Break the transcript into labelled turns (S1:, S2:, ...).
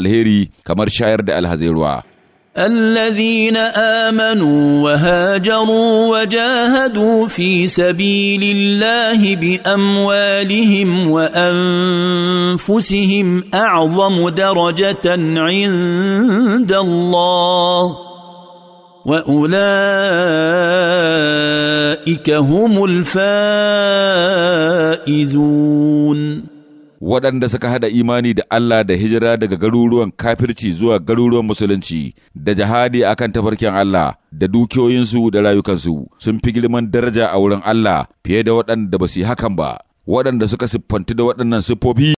S1: alheri kamar shayar da alhazai ruwa
S2: الذين امنوا وهاجروا وجاهدوا في سبيل الله باموالهم وانفسهم اعظم درجه عند الله
S3: واولئك هم الفائزون
S1: waɗanda suka haɗa imani da Allah da hijira daga garuruwan kafirci zuwa garuruwan musulunci da jihadi akan tafarkin Allah da dukiyoyinsu da rayukansu sun fi girman daraja a wurin Allah fiye da waɗanda ba su yi hakan ba waɗanda suka siffanti da waɗannan siffofi